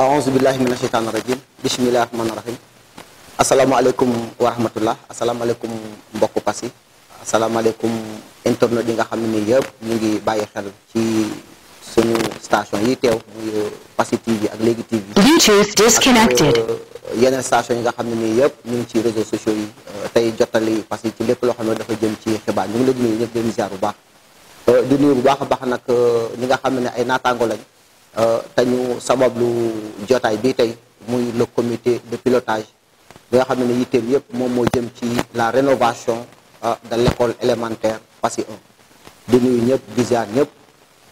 aouzu billahi a sheytaani rajim bismillahi rahmaani rahim asalaamaaleykum wa rahmatullah asalaamaaleykum mbokk Passy asalaamaaleykum internet yi nga xam ne nii yëpp ñu ngi bàyyi xel ci suñu station yi teew muy Passy TV ak Léegi TV. Bluetooth disconnected. Euh, yeneen station yi nga xam ne nii yëpp ñu ngi ci réseaux sociaux yi euh, tey jottali Passy ci lépp loo xam ne dafa jëm ci xibaar ñu ngi leen di nuyu ñëpp di bu baax euh, di nuyu bu baax a baax nag ñi nga xam ne ay naataango lañ. Euh, te ñu sabablu jotaay bi tey muy le comité de pilotage bi nga xam ne yitteem yëpp moom moo jëm ci la rénovation euh, de l'école élémentaire Passy 1 di nuyu ñëpp di ziar ñëpp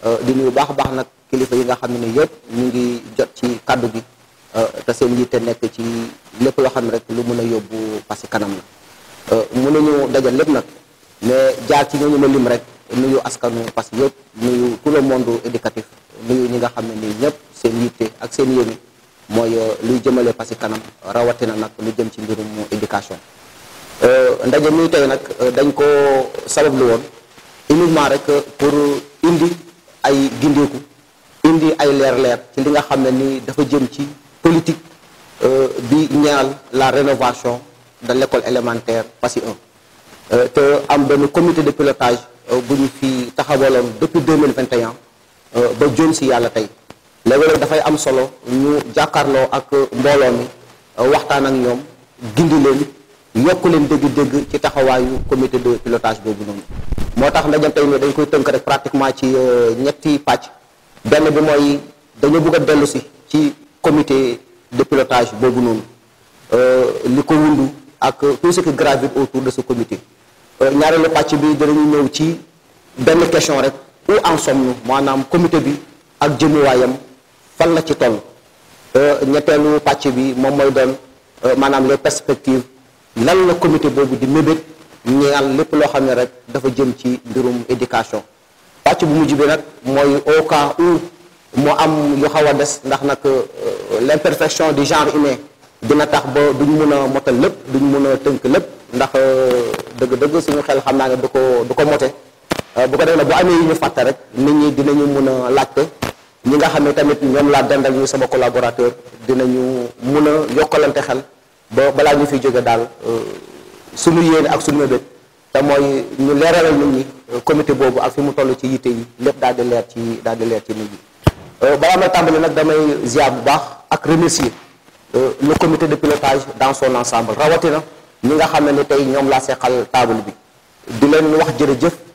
euh, di nuyu baax a baax nag kilifa yi nga xam ne yëpp ñu ngi jot ci kaddu gi te seen yitte nekk ci lépp loo xam ne rek lu mën a yóbbu Passy kanam la mënuñu dajal lépp nag mais jaar ci ñooñu ma lim rek nuyu askanu Passy yëpp nuyu tout le monde éducatif nuyu ñi nga xam ne nii ñëpp seen yitte ak seen yéene mooy euh, luy jëmale Passy kanam rawatina nag lu jëm ci mbirum éducation euh, ndaje mi tey nag euh, dañ ko sabablu woon uniquement pour indi ay gindeeku indi ay leer-leer ci li nga xam ne nii dafa jëm ci politique bi ñaal la rénovation de l'école élémentaire Passy 1 te am benn comité de pilotage bu ñu fi taxawaloon depuis 2021 Euh, ba jëm si yàlla tey léeg-léeg dafay am solo ñu jàkkaarloo ak mbooloo mi euh, waxtaan ak ñoom gindi leen yokk leen dégg-dégg ci taxawaayu comité de pilotage boobu noonu moo tax ndaje tey mi dañ koy tënk rek pratiquement ci euh, ñetti pàcc benn bi mooy dañoo bëgg a dellu si ci comité de pilotage boobu noonu li ko wundu ak tout ce qui gravite autour de sa comité ñaareelu pàcc bi dinañu ñëw ci benn question rek où en sommes maanaam comité bi ak jëmuwaayam fan la ci toll euh, ñetteelu pàcc bi moom mooy doon euh, maanaam les perspectives lan la comité boobu di mébét ñaan lépp loo xam ne rek dafa jëm ci mbirum éducation pàcc bu mujj bi nag mooy au cas où mu am lu xaw a des ndax nag euh, l'imperfection di genre humain dina tax ba duñ mun a motal lépp duñ mun a tënk lépp ndax dëgg-dëgg suñu xel xam naa ne du ko du ko mote Euh, bu ko defee nag bu amee yi ñu fàtte rek nit ñi dinañu mun a laajte ñi nga xam ne tamit ñoom laa dandal ñu sama collaborateur dinañu mun a yokkalante xel ba balaa ñu fiy jóge daal euh, suñu yéene ak suñu mébét te mooy ñu leeralal nit euh, comité boobu ak fi mu toll ci yitte yi lépp daal di leer ci daal di leer ci nit ñi balaa may tàmbali nag damay ziar bu baax ak remercier le comité de pilotage dans son ensemble rawatina ñi nga xam ne ni tey ñoom laa seqal table bi di leen wax jërëjëf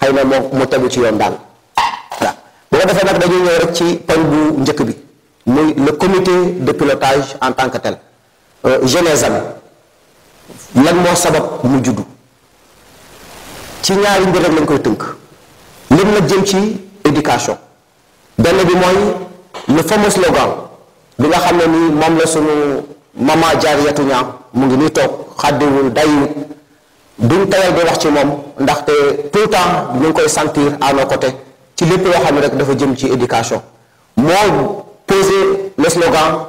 xëy mo mo tagu ci yoon daal waaw bu ko defee nag dañuy ñëw rek ci poñ bu njëkk bi muy le comité de pilotage en tant que tel euh, jeunesse am lan moo sabab mu juddu ci ñaari mbir rek lañ koy tënk lim nag jëm ci éducation benn bi mooy le fameux slogan bi nga xam ne ni moom la sunu mama jaar yetu ñaam mu ngi nii toog xàddiwul dayiwut duñ tayal di wax ci moom ndax tout le temps ñu ngi koy sentir à nos ci lépp loo xam ne rek dafa jëm ci éducation moo posé le slogan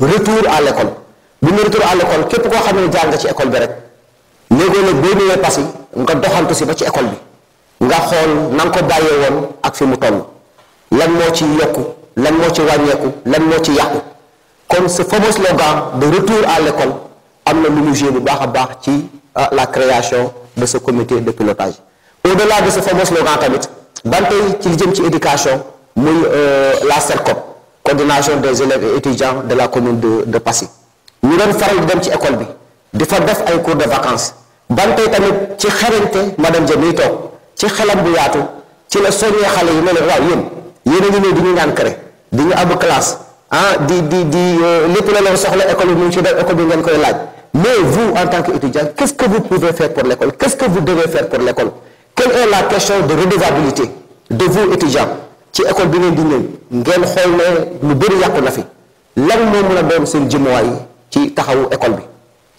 retour à l'école bi mu retour à l'école képp koo xam ne jaar nga ci école bi rek léegoo nag boo ñëwee Passy nga doxantu si ba ci école bi nga xool na nga ko bàyyee woon ak mu toll lan moo ci yokku lan moo ci wàññeeku lan moo ci yàqu kon ce fameux slogan de retour à l'école am na lu mu joué bu baax a baax ci à ah, la création de ce comité de pilotage au-delà de ce fameux slogan tamit ban tey ci ci éducation muy euh, la CERCOP coordination des élèves et étudiants de la commune de de Passy Nous doon faral di dem ci école bi di fa def ay cours de vacances ban tamit ci xarañte madame Dia miy toog ci xelam bu yaatu ci la soññee xalé yi ne waaw yéen yéen a ngi ne di ñaan di ñu classe ah di di di euh, lepp la leen soxla école bi ci def école bi ngeen koy laaj mais vous, en tant qu'étudiant, qu'est-ce que vous pouvez faire pour l'école Qu'est-ce que vous devez faire pour l'école Quelle est la question de redevabilité de vous, étudiants ci école bi ngeen di ñëw ngeen xool que lu bëri yàqu na fi la doon seen ci taxawu école bi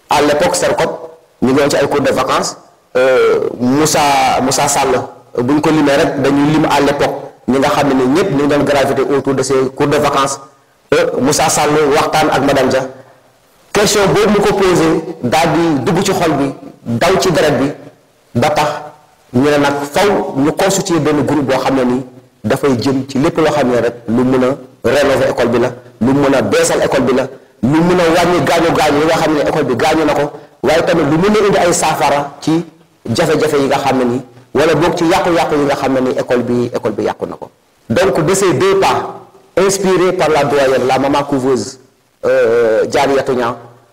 à l'époque Sercop ñu ngi ci ay cours de vacances euh, Moussa Moussa Sall buñ ko limee rek dañuy lim à l'époque ñi nga xamné ñepp ñu ngi doon gravité autour de ces cours de vacances euh, Moussa Sall waxtaan ak madame question boobu mu ko poser dal di dugg ci xol bi daw ci deret bi ba tax ñu ne nag faw ñu constituer benn groupe bo xamné ni da fay jëm ci lepp lo xamné rek lu mëna a rénover école bi la lu mëna a école bi la lu mëna a gañu gañu yi nga xamné école bi gañu nako ko tamit lu mëna indi ay safara ci jafé jafé yi nga xamné ne wala bok ci yàqu-yàqu yi nga xamné ne école bi école bi yàqu nako donc de ces deux pas inspiré par la doyenne la maman couveuse euh, Diary Yatouna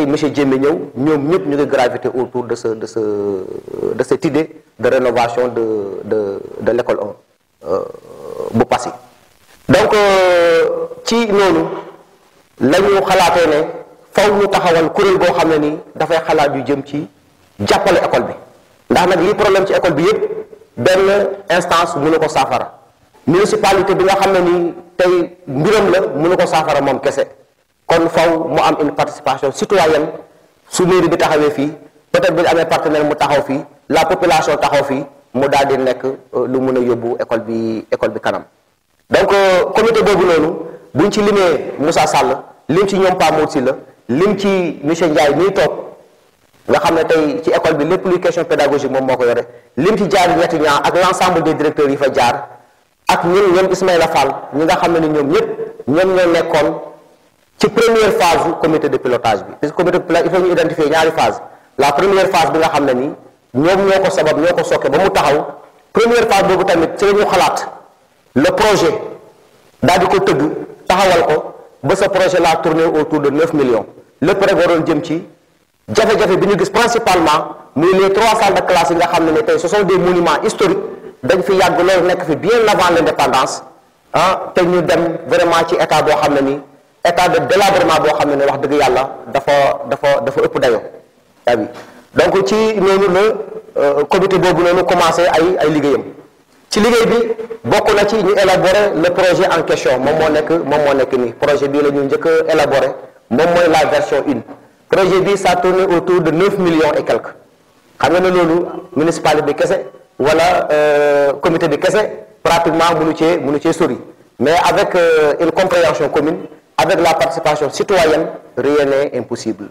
et monsieur Diémé ñëw ñoom ñëpp ñu ngi gravité autour de ce de ce de de rénovation de de l'école 1 euh, bu Passy donc euh, ci noonu la ñu xalaatee ne faw ñu taxawal kuréel goo xam ne nii dafay xalaat yu jëm ci jàppale école bi ndax nag li problème ci école bi yëpp benn instance mënu ko saafara municipalité bi nga xam ne ni tey mbiram la mënu ko saafara moom kese kon faw mu am une participation citoyenne su mairie bi taxawee fii peut-être bu ñu amee partenaire mu taxaw fii la population taxaw fii mu daal di nekk euh, lu mun a yóbbu école bi école bi kanam donc euh, comité boobu noonu buñ ci limee Moussa Sall lim ci ñoom Pa Mor Sylla lim ci monsieur Ndiaye mii toog nga xam ne tey ci école bi lépp luy question pédagogique moom moo ko yore lim ci jaar ñetti ñaar ak l'ensemble des directeurs yi fa jaar ak ñun ñoom Ismaïla Fall ñi nga xam ne ni ñoom ñëpp ñoom ñoo nekkoon ci première phase comité de pilotage bi parce que comité de pilotage il faut ñu identifier ñaari phase la première phase bi nga xam ne nii ñoom ñoo ko sabab ñoo ko sokke ba mu taxaw première phase boobu tamit ci la ñu xalaat le projet daal di ko tëgg taxawal ko ba sa projet la tourné autour de 9 millions lépp rek waroon jëm ci jafe-jafe bi ñu gis principalement muy les trois salles de classe yi nga xam ne tey ce sont des monuments historiques dañ fi yàgg loolu nekk fi bien avant l' indépendance ah te ñu dem vraiment ci état boo xam ne état de délabrement bo xamné wax dëgg yalla dafa dafa dafa ëpp dayoo ah yaa donc ci noonu le euh, comité boobu noonu commencé ay ay liggéeyam ci liggéey bi bokku na ci ñu élaborer le projet en question mom mo nek mom mo nek ni projet bi la ñu jëk élaborer mom moy la version une projet bi ça tourne autour de 9 millions et quelques xam nga ne loolu municipalité bi kessé wala euh, comité bi kessé pratiquement mënu ci mënu ci sori mais avec euh, une compréhension commune avec la participation citoyenne rien n'est impossible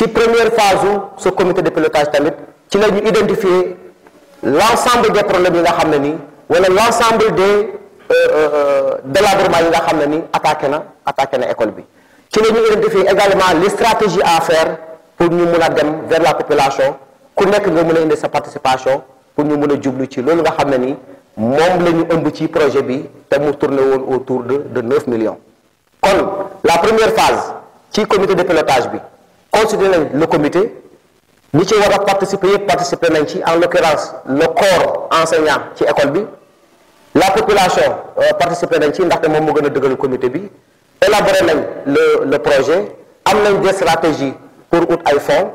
la première phase où, ce comité de pilotage tamit ci la l'ensemble des problèmes de nga l'ensemble des euh, euh, euh, délabrements yi nga xam ne attaqué na attaqué na école également les stratégies à faire pour nous montrer vers la population pour nous nga de sa participation pour nous montrer a jublu ci projet bi tourne tourné autour de 9 millions kon la première phase ci comité de pilotage bi considéré le comité nous ci participé, participer participer ci en l'occurrence le corps enseignant ci école bi la population euh, participer nañ ci ndaxte moom moo gën comité bi élaborer le le projet am des stratégies pour out ay fonds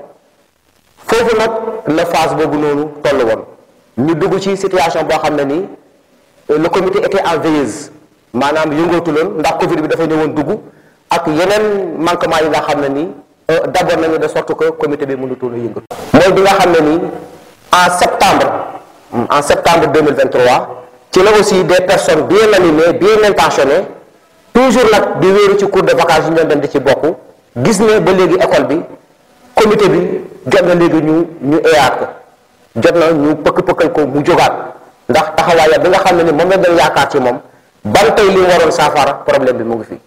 la phase de noonu toll woon ñu dugg ci situation boo euh, le comité était en veilleuse maanaam yëngootu loon ndax Covid bi dafay ñëwoon dugg ak yeneen manquement yi nga xam ne nii euh, d'abord nañu de sorte que comité bi mënutoon a yëngatu. mooy bi nga xam ne nii en septembre en septembre 2023 ci la bi des personnes bien bi bien intentionnées toujours nag di wéeru ci cours de vacances yi ñu dem di ci bokk gis ne ba léegi école bi comité bi jot na léegi ñu ñu eeyaat na ñu pëkk-pëkkal ko mu jógaat ndax taxawaayam bi nga xam ne ni moom la doon yaakaar ci moom. ban tey li waroon saafara problème bi mu ngi fi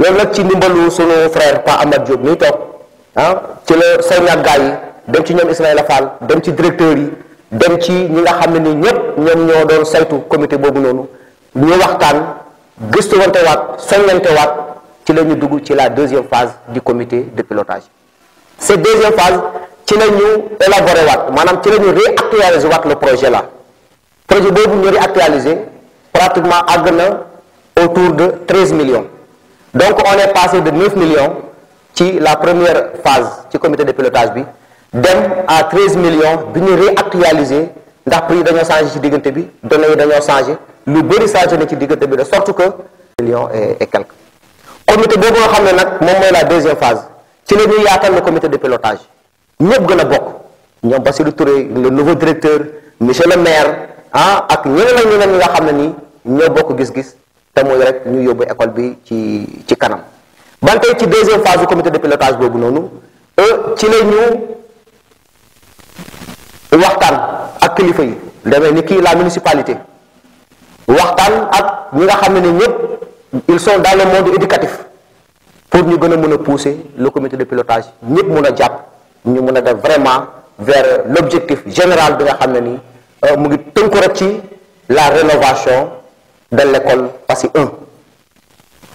loolu nag ci ndimbalu sunu frère Pa Amad Diop mi toog ah ci la soññ ak gaa yi dem ci ñoom Ismaïla Fall dem ci directeur yi dem ci ñi nga xam ni ñëpp ñoom ñoo doon saytu comité boobu noonu ñu waxtaan gëstuwante waat soññante waat ci la ñu dugg ci la deuxième phase du comité de pilotage cette deuxième phase ci la ñu élaboré waat ci la réactualiser le projet là projet boobu ñu réactualiser pratiquement à autour de 13 millions donc on est passé de 9 millions ci la première phase du comité de pilotage bi dem à 13 millions bi ñu réactualiser ndax prix dañoo changé ci diggante bi donné yi changer lu bëri changé ci bi de sorte que millions est quelques comité boobu nga xam ne la deuxième phase ci la ñuy yaatal le comité de pilotage nous gën a ñom ñoom Bassirou le nouveau directeur monsieur le maire ah ak ñeneen qui ñeneen nga ñoo bokk gis-gis te muy rek ñu yóbbu école bi ci ci kanam ban ci deuxième phase du comité de pilotage boobu noonu euh, ci la ñu waxtaan ak kilifa yi demee ni kii la municipalité waxtaan ak ñi nga xam ne ñëpp ils sont dans le monde éducatif pour ñu gën a mun a pousser le comité de pilotage ñëpp mun a jàpp ñu mun a def vraiment vers l'objectif général bi nga xam ne nii euh, mu ngi tënku rek ci la rénovation de l'école PACI 1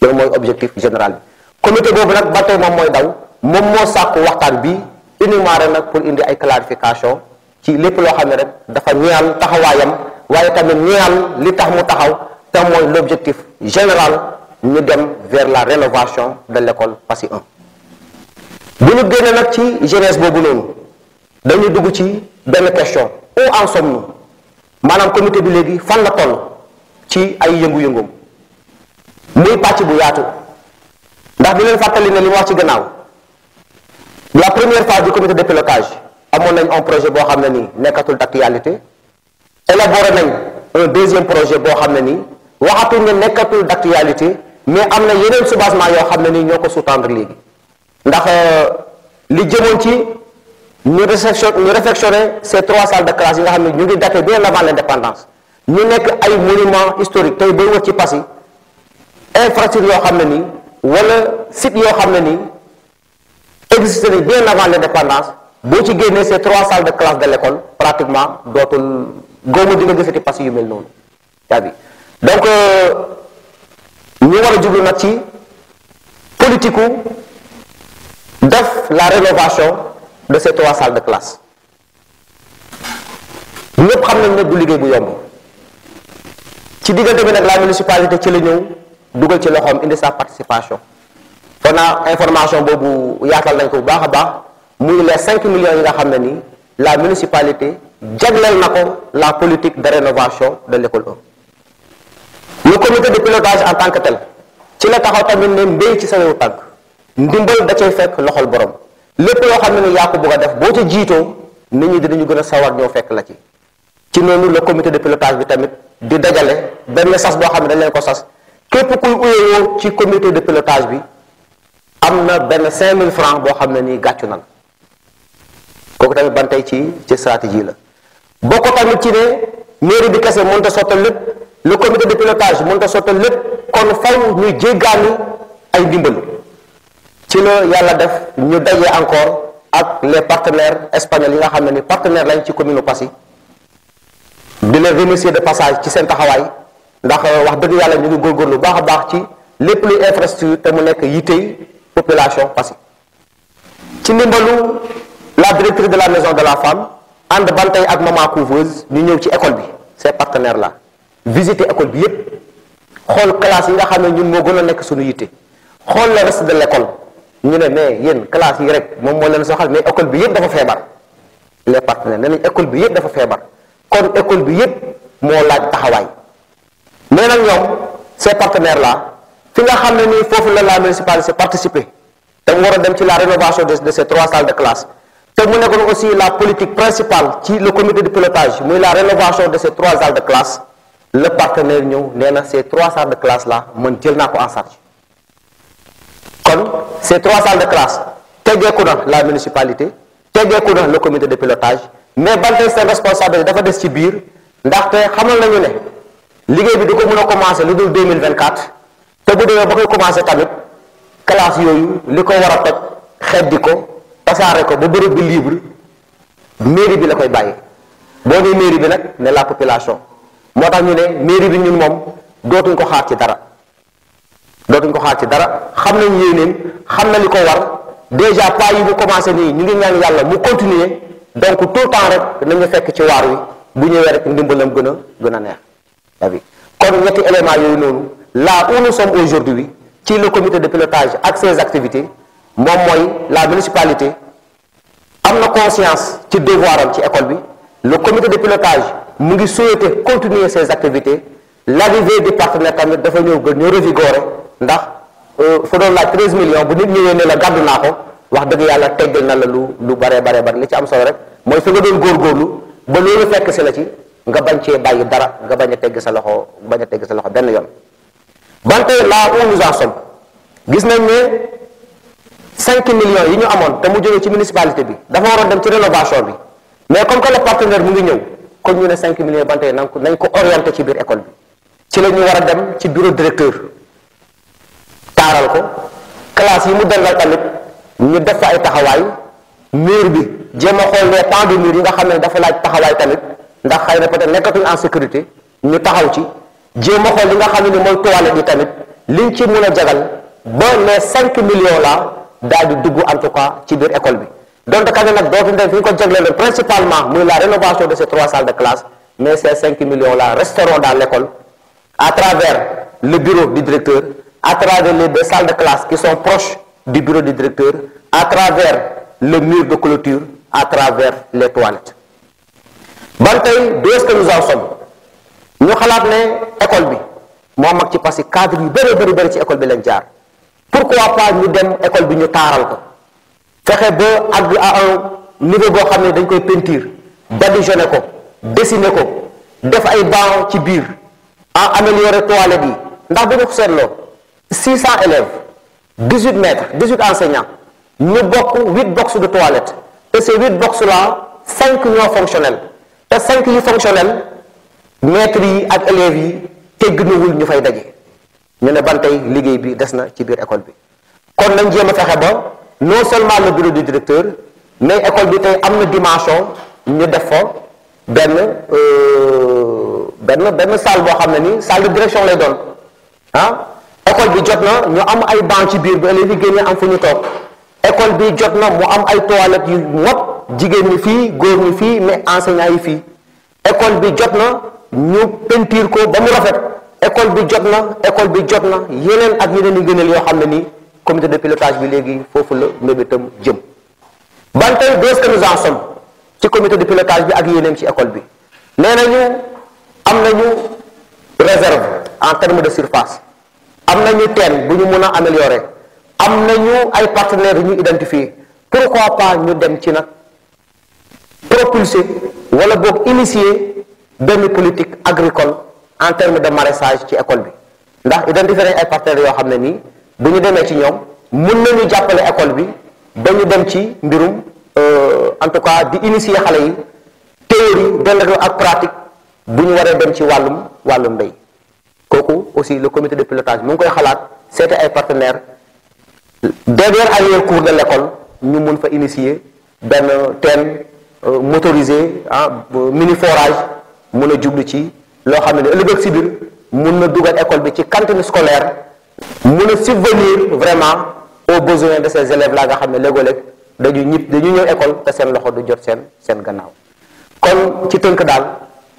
loolu mooy objectif général bi comité boobu nag ba tey moom mooy daw moom moo sàkku waxtaan bi uniquement rek nag pour indi ay clarification ci lépp loo xam ne rek dafa ñeel taxawaayam waaye tamit ñeel li tax mu taxaw te mooy l'objectif général ñu dem vers la rénovation de lekkool PACI 1 bu ñu génnee nag ci jeunesse boobu noonu dañu dugg ci benn question où en maanaam comité bi léegi fan la toll ci ay yëngu-yëngoom muy pàcc bu yaatu ndax di leen fàttali ne li mu wax ci gannaaw la première phase du comité de pilotage amoon nañ un projet boo xam ne nii nekkatul d'actualité élaboré nañ un deuxième projet boo xam ne nii waxatuñ ne nekkatul d'actualité mais am na yeneen soubassement yoo xam ne nii ñoo ko sous-tendre léegi ndax euh, li jëmoon ci ñu réfectionné ñu réfectionné ces trois salles de classe yi nga xam ne ñu ngi daté bien avant l'indépendance ñu nekk ay monument historique tey booy wax ci Passy infrastructure yoo xam ne ni wala sit yoo xam ne nii existé nañ bien avant l'indépendance boo ci génnee ces trois salles de classe de l'école pratiquement dootul góomu di nga gisati Passy yu mel noonu yaa bi donc euh, ñu war a jublu nag ci politique def la rénovation de ces trois salles de classe ñëpp xam nañ ne du liggéey bu yomb ci diggante bi nag la municipalité ci la ñëw dugal ci loxoom indi sa participation kon naa information boobu yaatal nañ ko bu baax a baax muy les cinq millions yi nga xam ne nii la municipalité jagleel na ko la politique de rénovation de l'école 1 le comité de pilotage en tant que tel ci la taxaw tamit ne mbéy ci sa wewu tànk ndimbal da cay fekk loxol borom lépp loo xam ne ni yaa ko bëgg def boo ca jiitoo nit ñi dinañu gën a sawar ñoo fekk la ci ci noonu le comité de pilotage bi tamit di dajale benn sas boo xam ne dañ leen ko sas képp kuy uyewoo ci commité de pilotage bi am na benn 5000 francs boo xam ne nii gàccu na kooku tamit ban tey ci ci stratégie la bokk tamit ci ne mairie bi kese mënut a sottal lépp lu comité de pilotage mënut a sottal lépp kon faw ñu jéggaani ay ndimbal ci la yàlla def ñu dajee encore ak les partenaires espagnols yi nga xam ne ni partenaire lañ ci commune Passy di leen remercier de passage ci seen taxawaay ndax euh, wax dëgg yàlla ñu ngi góorgóorlu baax a baax ci lépp lu infrastructure te mu nekk yitey population Passy ci ndimbalu la directrice de la maison de la femme ànd bantay ak maman couveuse ñu ñëw ci école bi ces partenaires là visiter école bi yépp xool classe yi nga xam ne ñun moo gën a nekk suñu yitte xool le reste de l' école ñu ne mais yéen classe yi rek moom moo leen soxal mais école bi yépp dafa feebar les partenaires nee nañ école bi yépp dafa feebar kon école bi yépp moo laaj taxawaay mais nag ñoom ces partenaires laa fi nga xam ne nii foofu la la municipalité participer te mu war a dem ci la rénovation de ces trois salles de classe te mu nekkoon aussi la politique principal ci le comité de pilotage muy la rénovation de ces trois salles de classe le partenaire ñëw nee na ces trois salles de classe la man jël naa ko en charge kon ces trois salles de classe teggeeku na la municipalité teggeeku na le comité de pilotage mais ban tey seen responsabilité dafa des ci biir ndaxte xamal nañu ne liggéey bi du ko mën a commencé lu dul 2024 te bu demee ba koy commencé tamit classe yooyu li ko war a toj xeddi ko tasaare ko ba bërëb bi libre mairie bi la koy bàyyi boo nee mairie bi nag ne la population moo tax ñu ne mairie bi ñun moom dootuñ ko xaar ci dara dootuñ ko xaar ci dara xam nañ yéenéem xam na li ko war déjà pas yi mu commencé nii ñu ngi ñaan yàlla mu continuer donc tout le temps rek dinañu fekk ci waar wi bu ñëwee rek ndimbalam gën a gën a neex tabi kon ñetti éléments yooyu noonu là où nous sommes aujourd'hui ci le comité de pilotage ak ses activités moom mooy la municipalité am na conscience ci devoir ci école bi le comité de pilotage mu ngi continuer ses activités l'arrivée du partenaire tamit dafa ñëw gën ñu revigorer ndax fa doon laaj 13 millions bu nit ñëwee ne la gàddu naa ko wax dëgg yàlla teggal na la lu lu bare baree bari li ci am solo rek mooy fi nga doon góorgóorlu ba loolu fekk si la ci nga bañ cee bàyyi dara nga bañ a tegg sa loxo bañ a tegg sa loxo benn yoon bante la on nous en gis nañ ne cinq millions yi ñu amoon te mu jógee ci municipalité bi dafa waroon dem ci rénovation bi mais comme que le partenaire mu ngi ñëw kon ñu ne cinq millions bante nañ ko nañ ko orienté ci biir école bi ci la ñu war a dem ci bureau directeur taaral ko classe yi ñu def fa ay taxawaay mur bi jéem a xool les pans du yi nga xam ne dafa laaj taxawaay tamit ndax xëy na peut-être en sécurité ñu taxaw ci jéem a xool li nga xam ne ni mooy toilette yi tamit liñ ci mun a jagal ba les cinq millions la daal di dugg en tout cas ci biir école bi donc ne nag dootuñu def fi ñu ko jagleeloon principalement muy la rénovation de ces trois salles de classe mais ces cinq millions la resteront dans l'école à travers le bureau du directeur à travers les deux salles di bureau du directeur à travers le mur de clôture, à travers les toilettes. ban tey d'où est ñu xalaat ne école bi moo mag ci parce que cadre yu bëri bëri bëri ci école bi lañ jaar pourquoi pas ñu dem école bi ñu taaral ko fexe ba àgg à un niveau boo xam ne dañ koy peinture badigeonné ko dessiné ko def ay banc ci biir en améliorer toilettes yi ndax bu ñu seetloo cent élèves 18 maîtres 18 enseignants ñu bokk 8 boxes de toilette te ces 8 boxes là 5 ñoo fonctionnel te cinq yu fonctionnel maîtres yi ak élèves yi tegginuwul ñu fay daje ñu ne ban tey liggéey bi des na ci biir école bi kon nañ jéem a fexe ba non seulement le bureau du directeur mais école bi tey am na dimension ñu def fa benn euh, benn benn salle boo xam ne ni salle de direction lay doon ah, école bi jot na ñu am ay banc ci biir ba élèves yi génne am fu ñu toog école bi jot na mu am ay toilettes yu mot jigéen ñi fii góor ñi fii mais enseignants yi fii école bi jot na ñu pentiir ko ba mu rafet école bi jot na école bi jot na yeneen ak yeneen yu gënal yoo xam ne nii comité de pilotage bi léegi foofu la mébétam jëm ban tey deux que ci comité de pilotage bi ak yeneen ci école bi nee nañu am nañu réserve en terme de surface am na nañu teen bu ñu mun a améliorer am nañu ay partenaires yu ñu identifier pourquoi pas ñu dem ci nag propulser wala boog initier benn politique agricole en terme de maraîchage ci école bi ndax identifier nañu ay partenaires yoo xam ne nii bu ñu demee ci ñoom mun ñu jàppale école bi ba dem ci mbirum euh, en tout cas di initier xale yi théorie dend ak pratique bu ñu waree dem ci wàllum wàllum mbéy kooku aussi le comité de pilotage mu ngi koy xalaat partenaire. ay partenaires derrière arrière cours de l'école ñu mun fa initier benn thème euh, motorisé ah, mini forage mun a jublu ci loo xam ne ëllëg si biir mun na dugal école bi ci cantine scolaire mun a subvenir vraiment aux besoins de ces élèves là nga xam ne léegoo-léeg dañu ñib dañu ñëw école te seen loxo du jot seen seen gannaaw kon ci tënk daal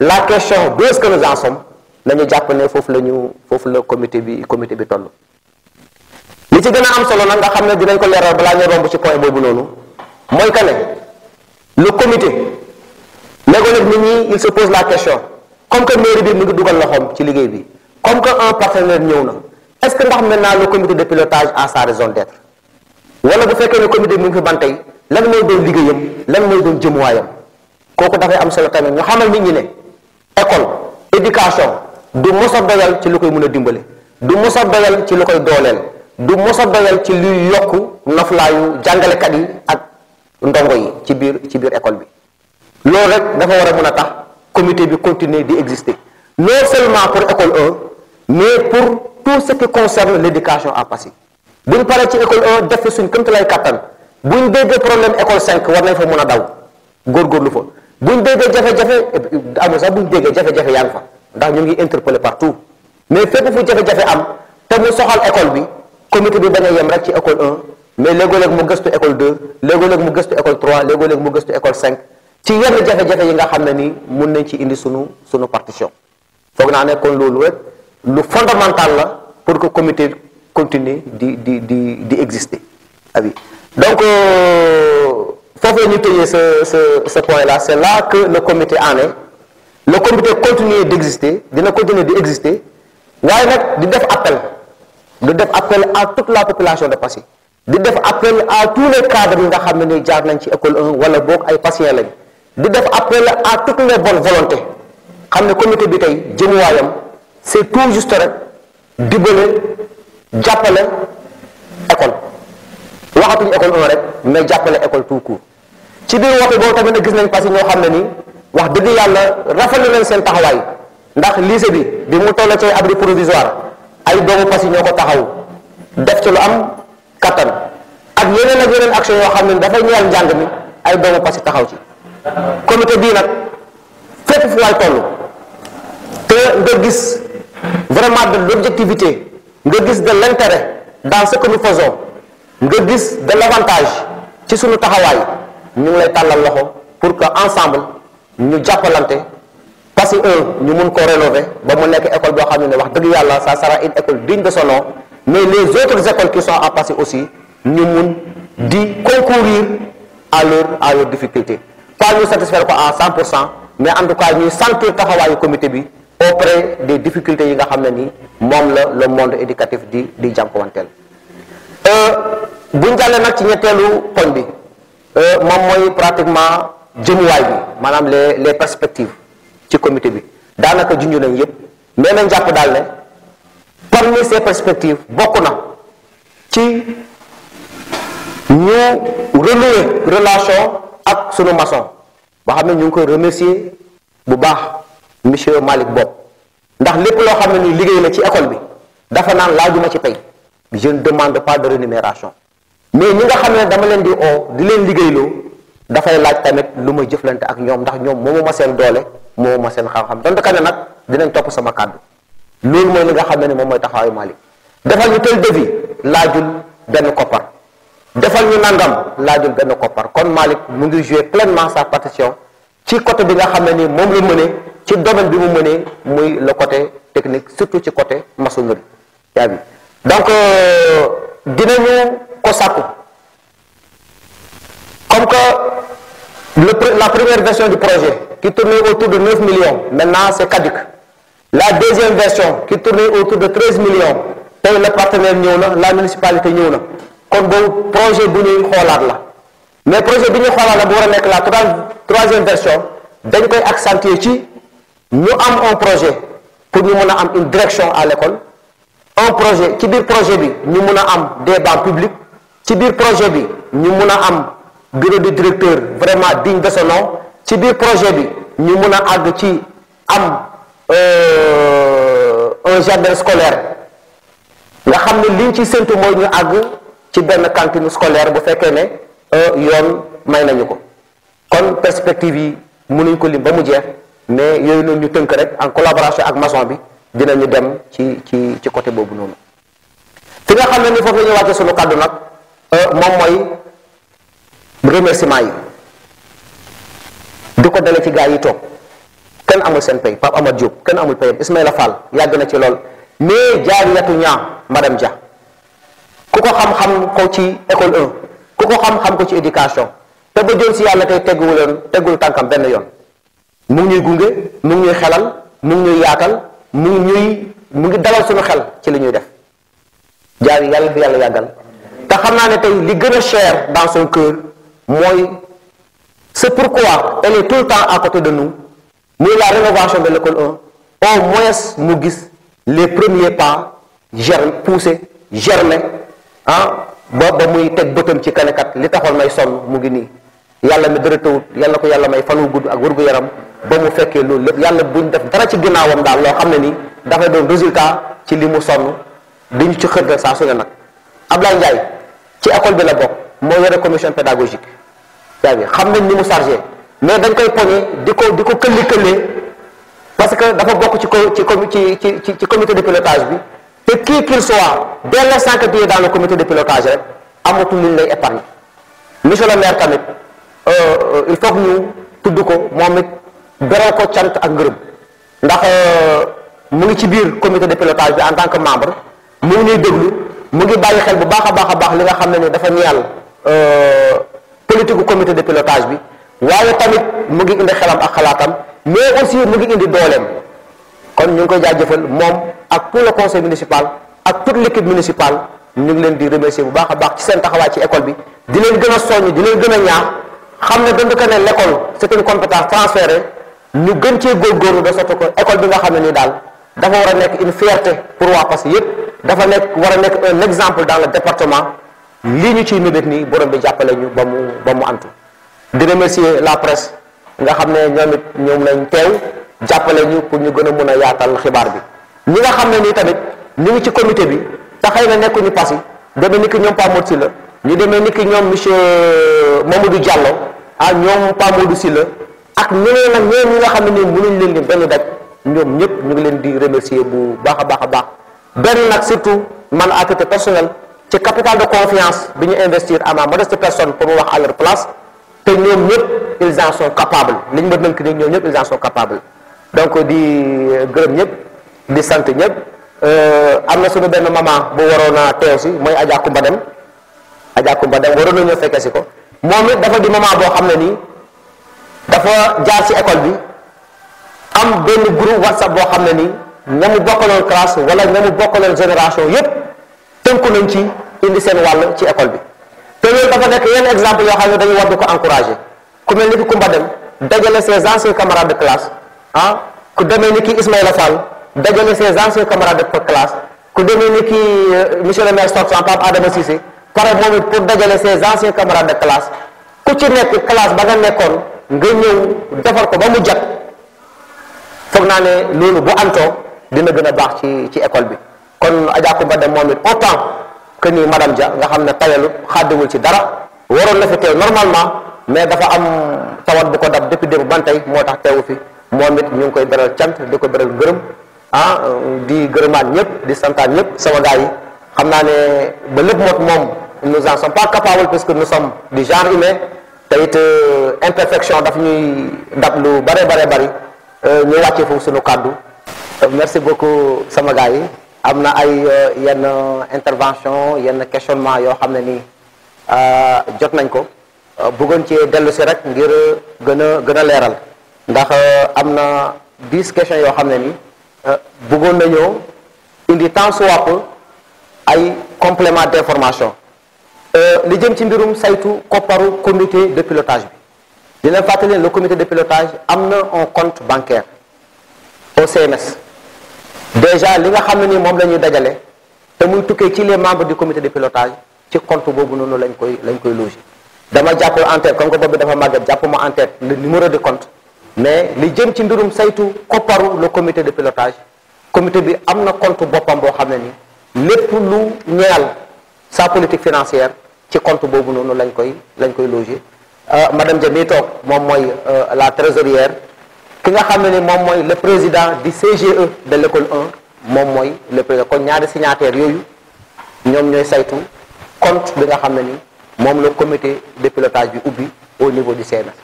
la question de ce que nous en sommes la ñu jàpp ne foofu la ñu foofu la comité bi comité bi toll. li ci gën a am solo nag nga xam ne dinañ ko leeral balaa ñu romb ci point boobu noonu mooy que ne le comité léeg-léeg nit ñi il se pose la question comme que mairie bi mu ngi dugal loxoom ci liggéey bi comme que un partenaire ñëw na est-ce que ndax maintenant le comité de pilotage a sa raison d'être wala bu fekkee ne comité mu ngi fi ban tey lan mooy doon liggéeyam lan mooy doon jëmuwaayam kooku dafay am solo tamit ñu xamal nit ñi ne école éducation. du mos a doyal ci lu koy mën a dimbale du mos a doyal ci lu koy dooleel du mos a doyal ci luy yokk noflaayu jàngalekat yi ak ndongo yi ci biir ci biir école bi loolu rek dafa war a mën a tax comité bi continuer di exister non seulement pour école 1 mais pour tout ce qui concerne l'éducation à Passy buñ paree ci école 1 def suñ këmtalay kàttan buñ déggee problème école cinq war nañ fa mën a daw góorgóorlu fa buñ déggee jafe-jafe eh, amul sax buñ déggee jafe-jafe ndax ñu ngi interpellé partout mais fépp fu jafe-jafe am te mu soxal école bi comité bi bañ a yem rek ci école 1 mais léegoo-léeg mu gëstu école 2 léegoo-léeg mu gëstu école 3 léegoo-léeg mu gëstu école 5 ci yenn jafe-jafe yi nga xam ne nii mun nañ ci indi sunu sunu partition foog naa ne kon loolu rek fondamental la pour que comité continue di di di di exister abi donc il faut ñu tëjee ce ce ce point là c'est là que le comité en est le comité continuer d'exister dina continuer di exister waaye nag di def appel di def appel à toute la population de Passy di def appel à tout les cadres yi nga xam ne ni jaar nañ ci école 1 wala boog ay patients lañ di def appel à toutes les bonnes volontés xam ne comité bi tey jëmuwaayam c'est tout juste rek dimbale jàppale école waxatuñu école 1 rek mais jàppale école tout court ci biir woote boobu tamit gis nañ Passy ñoo xam ne nii wax dëgg yàlla rafetlu nañ seen taxawaay ndax lycée bi bi mu toll ci abri provisoire ay doomu Passy ñoo ko taxaw def ci lu am kattan ak yeneen ak yeneen action yoo xam ne dafay ñeel njàng mi ay doomu Passy taxaw ci comité bii nag fépp fu waay toll te nga gis vraiment de l'objectivité nga gis de l'intérêt dans ce que nous nga gis de l'avantage ci suñu taxawaay ñu ngi lay tàllal loxo pour que ensemble ñu jàppalante parce que ñu mun ko rénover ba mu nekk école boo xam ne wax dëgg yàlla ça sera une école digne de son mais les autres écoles qui sont à Passy aussi ñu mun di concourir à leur à leur difficulté pas ñu satisfaire ko à mais en ñuy sentir taxawaayu comité bi auprès des difficultés yi nga xam ne ni moom la le monde éducatif di di jànkuwanteel euh, bu ñu jàllee nag ci ñetteelu poñ bi euh, moom mooy pratiquement jëmuwaay bi maanaam les les perspectives ci comité bi daanaka junj nañ yëpp mais nañ jàpp daal ne parmi ces perspectives bokk na ci ñu renouer relation ak sunu maçon ba xam ne ñu ngi koy remercier bu baax monsieur Malick Bob ndax lépp loo xam ne nii liggéey na ci école bi dafa naan laajuma ci pay jeune ne demande pas de rémunération mais ñi nga xam ne dama leen di oo di leen liggéeyloo dafay laaj tamit lu ma jëflante ak ñoom ndax ñoom moomu ma seen doole moomu ma seen xam-xam donte ka ne nag dinañ topp sama kàddu loolu mooy li nga xam ne ni moom mooy taxawaayu Malick defal ñu tel devis laajul benn koppar defal ñu nangam laajul benn koppar kon Malick mu ngi joué pleinement sa partition ci côté bi nga xam ne ni moom la mënee ci domaine bi mu mënee muy le côté technique surtout ci côté maçonnerie yaa bi donc euh, dinañu ko sàkku Comme que la première version du projet, qui tournait autour de 9 millions, maintenant c'est caduque. La deuxième version, qui tournait autour de 13 millions, pour le partenaire la municipalité comme na kon projet bu nous Mais la mais projet bi nous xoolaat la la troisième version d'un koy accentué. nous nous un projet pour nous nous une direction à l'école un projet qui dit projet bi nous avons am des qui publics ci projet bi nous bureau de directeur vraiment digne de son nom ci biir projet bi ñu mun a àgg ci am euh, un jardin scolaire nga xam ne liñ ci séntu mooy ñu àgg ci benn cantine scolaire bu fekkee ne euh, yoon may nañu ko kon perspective yi mënuñ ko lim ba mu jeex mais yooyu noonu ñu tënk rek en collaboration ak mason bi ñu dem ci ci ci côté boobu noonu fi nga xam ne ni foofu la ñu wàcce sunu kàddu nag euh, moom mooy remerciement yi du ci gaa yi toog kenn amul seen pay Pape Amad Diop kenn amul payam Ismaïla Fall yàgg na ci lool mais jaariyatu ñaa madame Dia ku xam-xam ko ci école 1 ku xam-xam ko ci éducation te ba jël si yàlla mu ngi gunge mu ngi xelal mu ngi yaatal mu ngi mu ngi dalal suñu xel ci li ñuy def jaar te ne li cher dans son cœur moy c'est pourquoi elle est tout le temps à côté de nous Mais la rénovation de l'école 1 au moins nous gis les premiers pas germe pousser germer hein? ah ba ba muy teg bëtam ci kanekat li taxol may son mu ngi nii yàlla mi dara tawut yalla ko yalla may fan wu gudd ak wërgu yaram ba mu fekkee loolu lépp yàlla buñ def dara ci ginaawam daal lo xamné ni dafa do résultat ci li mu son diñ ci xërtal sa su nak abdoulaye Ndiaye ci école bi la bokk moo yore commission pédagogique yaa xam nañ ni mu chargé mais dañ koy poñe di ko di ko këlli këllee parce que dafa bokk ci ci ci ci ci ci comité de pilotage bi te qui qu'il soit dès l'instant que tu es dans le comité de pilotage rek amatul luñ lay épargne monsieur le maire tamit euh, euh, il faut ñu tudd ko moom it beral ko cant ak ngërëm ndax euh, mu ngi ci biir comité de pilotage bi en tant que membre mu ngi ñuy déglu mu ngi bàyyi xel bu baax a baax a baax li nga xam ne ni dafa ñeel politique gu comité de pilotage bi waaye tamit mu ngi indi xelam ak xalaatam mais aussi mu ngi indi dooleem kon ñu ngi koy jaajëfal moom ak tout le conseil municipal ak toute l' équipe municipale ñu ngi leen di remercier bu baax a baax ci seen taxawaay ci école bi di leen gën a soññ di leen gën a ñaax xam ne dañu ko ne l' école c' est une compétence transférée ñu gën cee góorgóorlu de sorte que école bi nga xam ne nii daal dafa war a nekk une fierté pour waa Passy dafa nekk nekk exemple dans le département lii ñu ciy mébét nii borom bi jàppale ñu ba mu ba mu antu di remercier la presse nga xam ne ñoom it ñoom lañ teew jàppale ñu pour ñu gën a mën a yaatal xibaar bi ñi nga xam ne nii tamit ñu ngi ci comité bi te xëy na nekkuñu Passy demee ni ki ñoom Pamour Sylla ñu demee ni ki ñoom monsieur Mamadou Diallo ah ñoom Pamour Sylla ak ñeneen ak ñeneen ñi nga xam ne nii mënuñ leen benn daj ñoom ñëpp ñu ngi leen di remercier bu baax a baax a baax benn nag surtout man à titre personnel ci capital de confiance bi ñu investir à ma modeste personne pour mu wax à leur place te ñoom ñëpp ils en sont capables li ñu ma dënk nii donc di euh, gërëm ñëpp di sant ñëpp euh, am na suñu benn maman bu waroon a teew si mooy Adja Kumba Dem Adja Kumba Dem waroon na ñëw fekkee si ko moom it dafa di maman boo xam ne nii dafa jaar ci école bi am benn groupe whatsapp boo xam ne nii ña mu bokkaloon classe wala ña mu bokkaloon génération yëpp tënku nañ ci. indi seen wàll ci école bi te loolu dafa nekk yenn exemple yoo xam ne dañu war di ko encouragé ku mel ni ki Kumba Dem dajale ses anciens camarades de ah, de classe ku demee ni ki euh, monsieur le maire sortant Pape Adama Cissé pare moom it pour dajale ses anciens camarades de classe ku ci nekk classe ba nga nekkoon nga ñëw defar ko ba mu foog naa ne loolu bu antoo dina gën a baax ci ci école bi kon Adja Kumba Dem moom it autant que ni madame Dia nga xam ne tayalu xàddiwul ci dara waroon na fi teew normalement mais dafa am tawat bu ko dab depuis démb ban moo tax teewu fi moom it ñu ngi koy beral cant di ko beral gërëm ah di gërëmaat ñëpp di santaat ñëpp sama gars yi xam naa ne ba lépp mot moom nous en sommes pas capables parce que nous sommes di genre humain te it euh, imperfection daf ñuy dab lu bare bare bari euh, ñu wàccee foofu suñu kàddu euh, merci beaucoup sama gars yi am na ay euh, yenn intervention yenn questionnement yoo xam ne nii euh, jot nañ ko euh, bëggoon ci dellu si rek ngir gën a gën a leeral ndax am na dix questions yoo xam ne nii bëggoon nañoo indi temps soit peu ay complément d'information li jëm ci mbirum saytu kopparu comité de pilotage bi dina fàttali ne le comité de pilotage am na un compte bancaire au CMS déjà li nga xam ne ni moom la ñuy dajale te muy tukkee ci les membres du comité de pilotage ci compte boobu noonu lañ koy lañ koy loger dama jàppul en tête comme que boobu dafa màgget jàppuma en tête le numéro de compte mais li jëm ci mbirum saytu kopparu le comité de pilotage comité bi am na compte boppam boo xam ne ni lépp lu ñeel sa politique financière ci compte boobu noonu lañ koy lañ koy loger euh, madame Dia mi toog moom mooy euh, la trésorière qui nga le président du CGE de l'école 1 mom moy le président kon ñaari signataires yooyu ñoom ñooy saytu compte bi nga xamné ni le comité de pilotage bi ubbi au niveau du CMS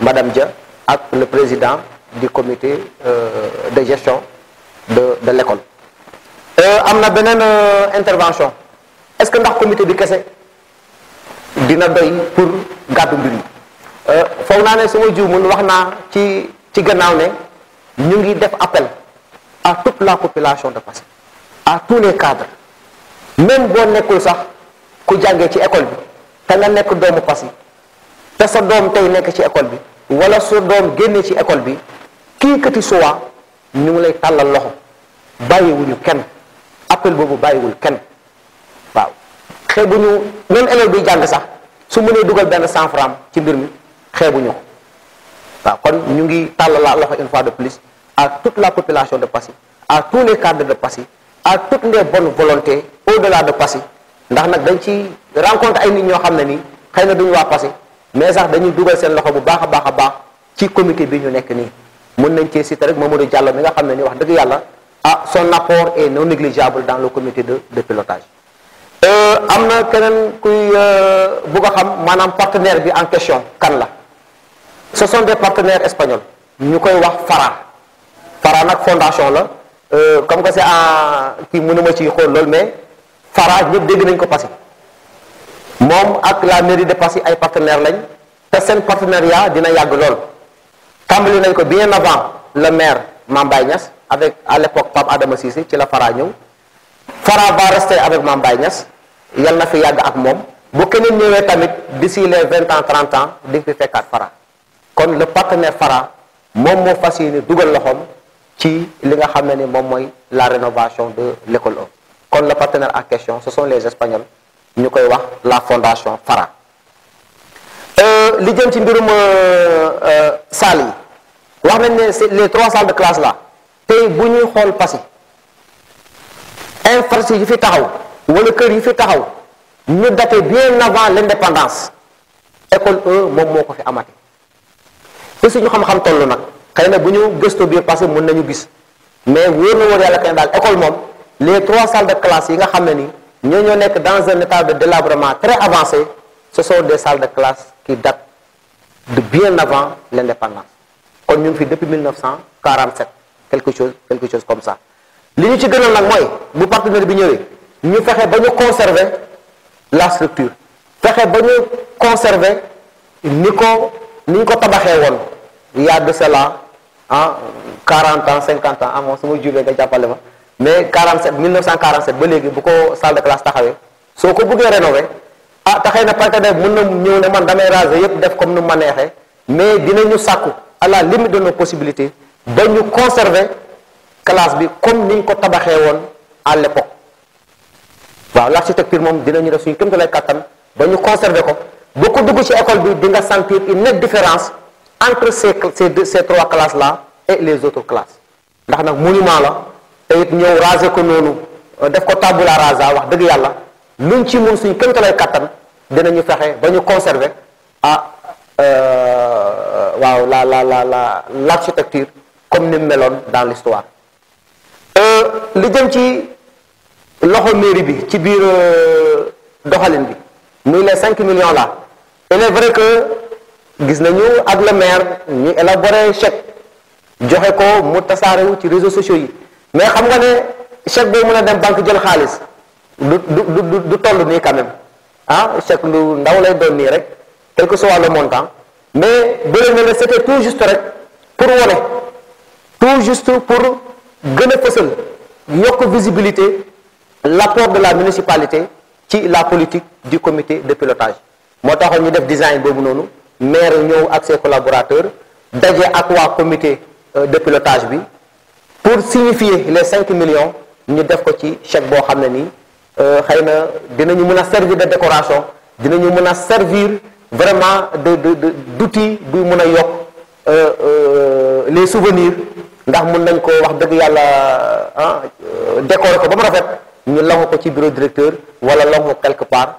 madame Dia ak le président du comité euh, de gestion de de l'école euh amna benen euh, intervention est ce que ndax comité de kese dina doy pour gàddu mbir euh foog naa ne sama ma wax naa ci. ci gannaaw ne ñu ngi def appel à toute la population de Passy à tous les cadres même boo nekkul sax ku jàngee ci école bi te nga nekk doomu Passy te sa doom tey nekk ci école bi wala sa doom génnee ci école bi kii kati suwa ñu ngi lay tàllal loxo bàyyiwuñu kenn appel boobu bàyyiwul kenn waaw xeebuñu même élève bi jàng sax su mënee dugal benn cent franc ci mbir mi xeebuñu ko waaw kon ñu une fois de plus à toute la population de Passy à tous les cadres de Passy à toutes les bonnes volontés au-delà de Passy ndax nag dañ rencontre ay nit ñoo ne mais sax loxo bu comité bi ñu Diallo mi nga ah, son apport est non négligeable dans le comité de pilotage euh, am kuy euh, partenaire en question ce sont des partenaires espagnols. Nous connaissons Farah. Farah est une fondation. Euh, comme c'est un qui m'a dit que c'est un mais FARA est une fondation. Nous avons la mairie de Passy est partenaire. C'est un partenariat qui est un partenaire. Quand bien avant, le maire Mambaynas, avec à l'époque Pape Adam Sissi, qui est FARA. Farah va rester avec Mambaynas. Il y a une fille avec moi. Si quelqu'un est venu d'ici les 20 ans, 30 ans, il fait avec FARA kon le partenaire Fara moom moo fas yéene dugal qui ci li nga xam ne la rénovation de l'école kon le partenaire en question ce sont les espagnols nous koy wax la fondation Fara euh, li jëm ci mbirum euh, euh, salle yi wax nañ les trois salles de classe là tey bu ñuy xool français infrastructure yi fi taxaw wala kër yi fi taxaw ñu daté bien avant l'indépendance école E moom moo ko fi amati fi suñu xam-xam toll nag xëy na bu ñu gëstu parce passé mën nañu gis mais wóor na wóor yàlla kenn daal école moom les trois salles de classe yi nga xam ne ni dans un état de délabrement très avancé ce sont des salles de classe qui datent de bien avant l'indépendance kon ñu ngi fi depuis 1947 quelque chose quelque chose comme ça li ñu ci gënal nag mooy bu partenaire bi ñëwee ñu fexe ba conserver la structure fexe ba conserver une ko ni ko tabaxee woon il y a de cela ah 40 ans 50 ans amoon su ma juulee nga jàppale ma mais 47 1947 ba léegi bu ko salle de classe taxawee soo ko bëggee rénover ah taxee na partenaire mun na ñëw ne man damay raser yépp def comme nu ma neexee mais dinañu sàkku à la limite de ba ñu conserver classe bi comme ni ko tabaxee woon à l'époque waaw l'architecture moom dinañu def suñu kéem lay kattan ba ñu conserver ko. boo ko dugg ci école bi di nga sentir une nette différence entre ces ces deux ces trois classes là et les autres classes ndax nag monument la te it ñëw raser ko noonu euh, def ko tabula rasa wax dëgg yàlla luñ ci mun suñ këntalay kattan dinañu fexe ba ñu conserver ah euh, waaw la la la la l'architecture comme ni mu meloon dans l'histoire euh, li jëm ci loxo mairie bi ci biir doxalin bi muy les cinq millions là il est vrai que gis nañu ak le maire ñu élaborer chèque joxe ko mu tasaarewu ci réseaux sociaux yi mais xam nga né chèque boo mën a dem banque jël xaalis du du du du toll quand même ah chèque lu ndaw lay doon nii rek quel que soit le montant mais bëri na c'était tout juste rek pour wolé tout juste pour gëna fessel fësal visibilité l'apport de la municipalité ci la politique du comité de pilotage je ñu design boobu maire ses collaborateurs des à comité euh, de pilotage pour signifier les 5 millions nous avons chèque euh, servir de décoration nous nous servir vraiment de de euh, les souvenirs ndax décorer bureau directeur quelque part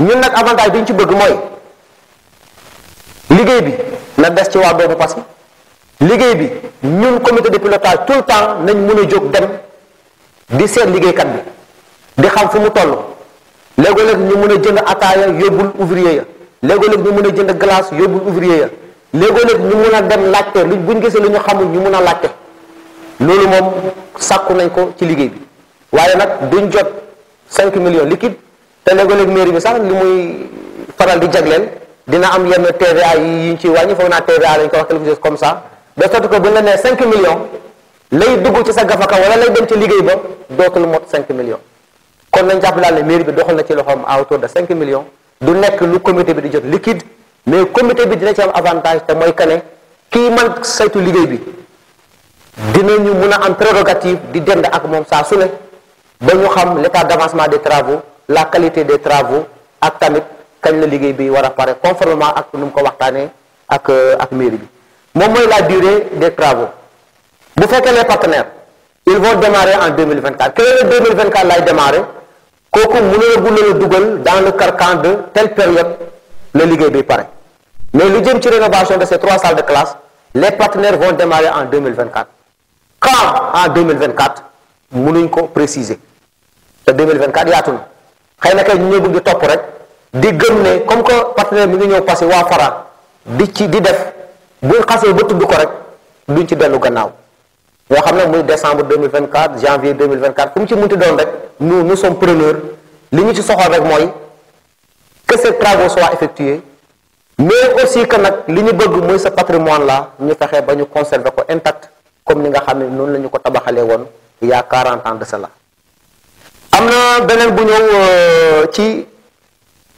ñu nag avantage bi ci bëgg mooy liggéey bi na des ci waa doomu Passy liggéey bi ñun commité de pilotage tout le temps nañ mën a jóg dem di seet liggéeykat bi di xam fu mu toll léegoo-léeg ñu mën a jënd ataaya yóbbul ouvrier ya léegoo-léeg ñu mën a jënd glace yóbbul ouvrier ya léegoo-léeg ñu mën a dem laajte luñ buñ gisee lu ñu xamul ñu mën a laajte loolu moom sàkku nañ ko ci liggéey bi waaye nag duñ jot 5 millions liquide te léeg-léeg mairie bi sax li muy faral di jagleel dina am yenn TVA yi ñu ci wàññi foog naa TVA lañ ko wax quelque chose comme ça de sorte que bu dugg ci sa gafaka wala lay ci liggéey ba dootul mot 5 millions kon nañ jàpp daal ne bi doxal na ci loxoom à hauteur de 5 millions nekk lu comité bi di jot liquide mais comité bi dina ci am avantage te mooy que kii man saytu liggéey bi dina ñu mun a am prérogative di dend ak moom saa su ne ba ñu xam l'état d'avancement des travaux la qualité des travaux ak comme le la B bi apparaître conformément ak ce que ko le ak euh, ak mairie bi et la durée des travaux faites que les partenaires ils vont démarrer en 2024 le 2024 lay démarrer kooku mënula gulla le dans le carcan de telle période le ligue B paraît. mais le jëm ci rénovation de ces trois salles de classe les partenaires vont démarrer en 2024 quand en 2024 nous ko préciser En 2024 il y a tout xëy na kay ñu ñoo bëgg di topp rek di gëm ne comme que partenaire bi ngi ñëw passé waa Fara di ci di def buñ xasee ba tudd ko rek duñ ci dellu gannaaw moo xam ne muy décembre 2024 janvier 2024 fu mu ci munti doon rek nous nous sommes preneurs li ñu ci soxal rek mooy que ces travaux soient mais aussi que nag li ñu bëgg mooy sa patrimoine la ñu fexe ba ñu conserver ko intact comme ni nga xam ne noonu la ñu ko tabaxalee woon il y a 40 am na beneen bu ñëw euh, ci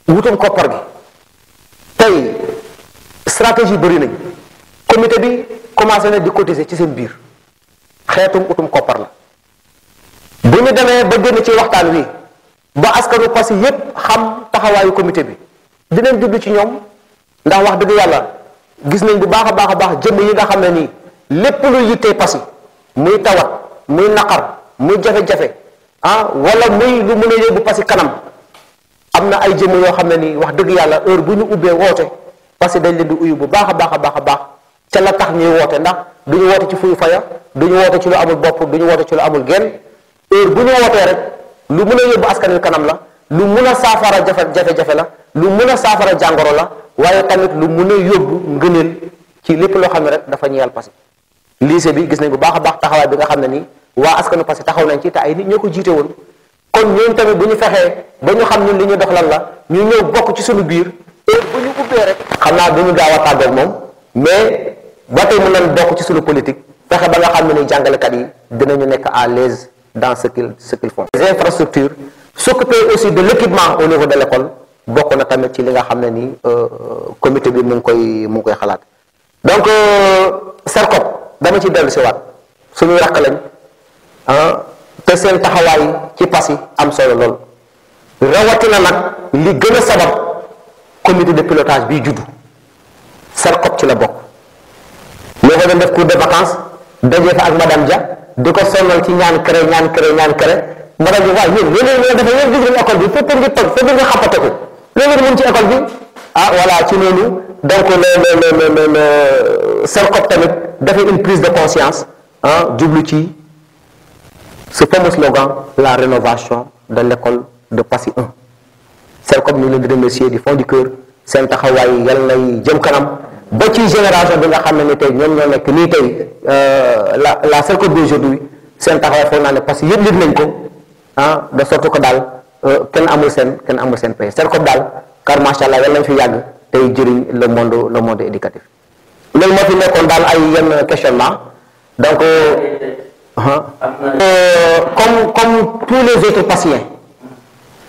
wutum koppar bi tey stratégie bëri nañ comité bi commencé na di cotiser ci seen biir xeetum utum koppar la bu ñu demee ba génn ci waxtaan wi ba askanu Passy yépp xam taxawaayu comité bi dinañ jublu ci ñoom ndax wax dëgg yàlla gis nañ bu baax a baax a baax jëmm yi nga xam ne nii lépp lu yittee Passy muy tawat muy naqar muy jafe-jafe ah wala muy lu mën a yóbbu parce que kanam am na ay jëmm yoo xam ne nii wax dëgg yàlla heure bu ñu ubbee woote parce que dañ leen di uyu bu baax a baax a baax a baax ca la tax ñuy woote ndax du ñu woote ci fuy faya du ñu woote ci lu amul bopp du ñu woote ci lu amul genn heure bu ñu wootee rek lu mën a yóbbu askan kanam la lu mën a saafara jafe jafe la lu mën a saafara jàngoro la waaye tamit lu mun a yóbbu ngëneel ci lépp loo xam ne rek dafa ñeel passé lycée bi gis nañ bu baax a baax taxawaay bi nga xam ne nii waa askanu parce que taxaw nañ ci taa ay nit ñoo ko jiite woon kon ñooñu tamit bu ñu fexee ba ñu xam ñun li ñu dox lan la ñu ñëw bokk ci suñu biir bu ñu ubbee rek xam naa du ñu gaaw a tàggoog moom mais ba tey mën nañ bokk ci suñu politique fexe ba nga xam ne ni jàngalekat yi ñu nekk à l'aise dans ce qu'ils ce qu'ils font les infrastructures aussi de l'équipement au niveau de l'école bokk na tamit ci li nga xam ne nii euh, euh, comité bi mu ngi koy mu koy xalaat donc euh, Sercop dama ci dellu si waat suñuy lañ ah te seen taxawaay ci pas yi am solo lool rawatina nag li gën a sabab comité de pilotage bi juddu sarkop ci la bokk ñoo ko doon def cours de vacances dajee fa ak madame Dia di ko sonal ci ñaan kere ñaan kere ñaan kere madame Dia waaye yéen yéen a dafa yéen gis école bi fépp ngi toj fépp ngi xappate loolu mun ci école bi ah voilà ci noonu donc le le le le sarkop tamit dafay une prise de conscience ah jublu ci ce fameux slogan, la rénovation de l'école de Passy 1. C'est comme nous le remercions du fond du cœur, seen taxawaay yal nay jëm kanam ba ci génération bi nga xam ne ni tey ñoom ñoo nekk nii euh, la la cercle d'aujourd'hui C'est un travail naa ne parce que yëpp ko ah de sorte que daal euh, Ken amul seen kenn amul seen pay cercle daal car macha allah yal nañ fi yàgg tey jëriñ le monde le monde éducatif loolu moo fi nekkoon daal ay donc. Euh, Euh, comme comme tous les autres patients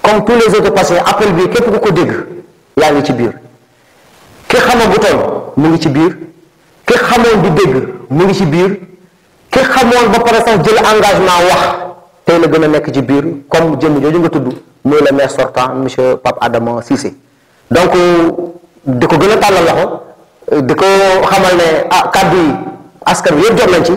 comme tous les autres patients appel bi képp ku ko dégg yaa ngi ci biir ki xamagutoon mu ngi ci biir ki xamoon di dégg mu ngi ci biir ki xamoon ba pare sax jël engagement wax nekk ci biir comme jëmm jooju nga tudd muy le maire sortant monsieur pap Adama Cissé donc di ko gën a tàllal loxo di ko xamal ne ah, kàddu yi askan bi yëpp jot nañ ci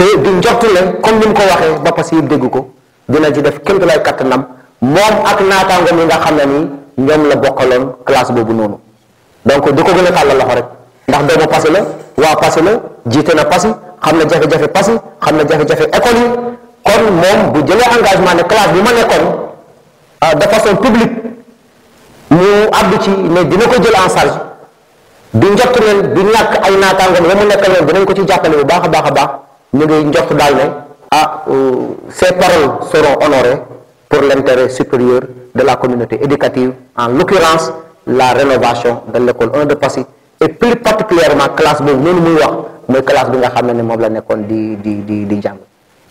te du njortu ne comme ni mu ko waxee ba parce que dégg ko dina ci def kémtu lay kattanam moom ak naataangoom yi nga xam ne ni ñoom la bokkaloon classe boobu noonu donc di ko gën a tàllal rek ndax doomu Passy la waa Passy la jiite na Passy xam na jafe-jafe Passy xam na jafe-jafe école yi kon moom bu jëlee engagement ne classe bi ma nekkoon euh, de façon publique mu àddu ci ne dina ko jël en charge du njott leen du ñàkk ay naataangoom ya mu nekkal leen dinañ ko ci jàppale bi baax a baax a baax ñu ngi njort daal ne ah euh, ces paroles seront honorées pour l'intérêt supérieur de la communauté éducative en l'occurrence la rénovation de l'école 1 de Passy et plus particulièrement classe boobu noonu muy wax mooy classe bi nga xam ne ne moom la nekkoon di di di di jàng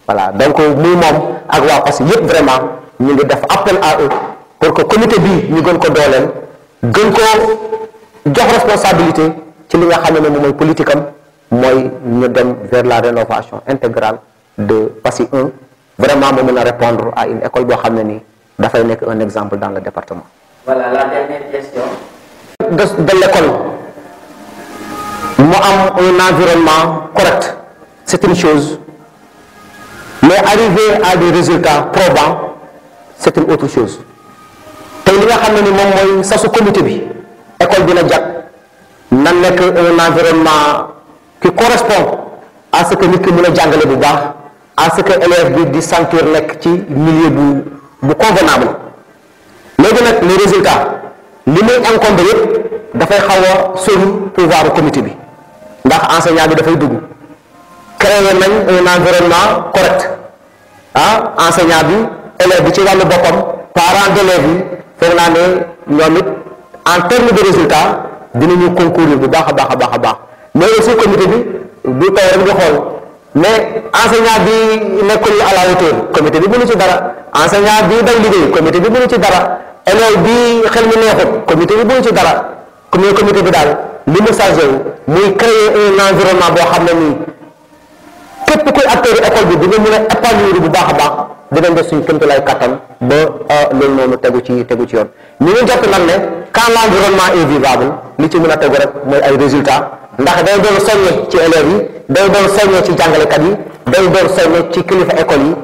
voilà donc muy moom ak waa Passy yëpp vraiment ñu ngi def appel à eux pour que comité de ñu gën ko dooleel gën ko jox responsabilité ci li nga xam politique am moi, ñu dem vers la rénovation intégrale de Passy 1 vraiment mu mën répondre à une école qui xamné ni da un exemple dans le département. voilà la dernière question. de l'école on am un environnement correct c'est une chose mais arriver à des résultats probants c'est une autre chose tay li nga xamné ni moom mooy comité bi école bi la na nek un environnement. ki correspond à ce que nit ki mën a jàngale bu baax a ce que élève bi di sentir nekk ci milieu bu bu convenable léegi nag les résultats li muy encombre yëpp dafay xaw a sori pouvoir comité bi ndax enseignant bi dafay dugg créer nañ un environnement correct ah bi élève bi ci wàllu boppam parents d'élèves yi foog naa ne ñoom it en terme de résultat dinañu concourir bu baax a baax a baax a baax mais aussi comité bi du taw rek di xool mais enseignant bi nekkul à la hauteur comité bi mënu ci dara enseignant bi day liggéey comité bi mënu ci dara élève bi xel mi neexut comité bi mënu ci dara mais comité bi daal li mu chargé wu muy créer un environnement boo xam ne nii képp kuy acteur école bi dina mën a épanouir bu baax a baax dinañ def suñu kéemtalaay kattan ba euh, loolu noonu tegu ci tegu ci yoon. ni ngi jot nag ne quand l' environnement est li ci mën a tegu rek mooy ay résultats ndax day doon soññe ci élèves yi day doon soññe ci jàngalekat yi day doon soññe ci kilifa école yi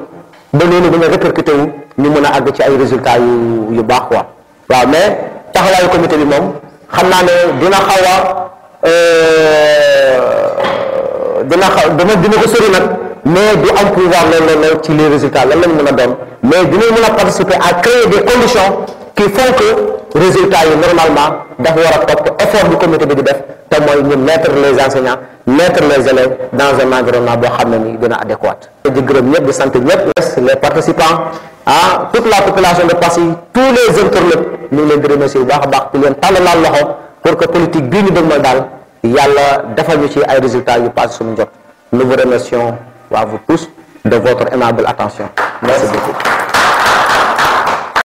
ba noonu mën a répercuté wu ñu mën a àgg ci ay résultats yu yu baax quoi waaw mais taxawaayu comité bi moom xam naa ne dina xaw a euh, dina xaw dina dina ko sori nag mais du am pouvoir loolu loolu ci les résultat lan lañ mën a doon mais dina mën a participer a créer des conditions qui font que résultat yi normalement dafa war a topp effort bu comité bi di def te mooy ñu mettre les enseignants mettre les élèves dans un environnement boo xam ne ni dina adéquat di gërëm ñëpp di sant ñëpp les participants ah la population de Passy tous les internautes ñu leen di remercier bu baax a baax di leen loxo pour que politique bii ñu dëgmal daal yàlla defal ñu ci ay résultats yu passe suñu njot nous vous remercions vous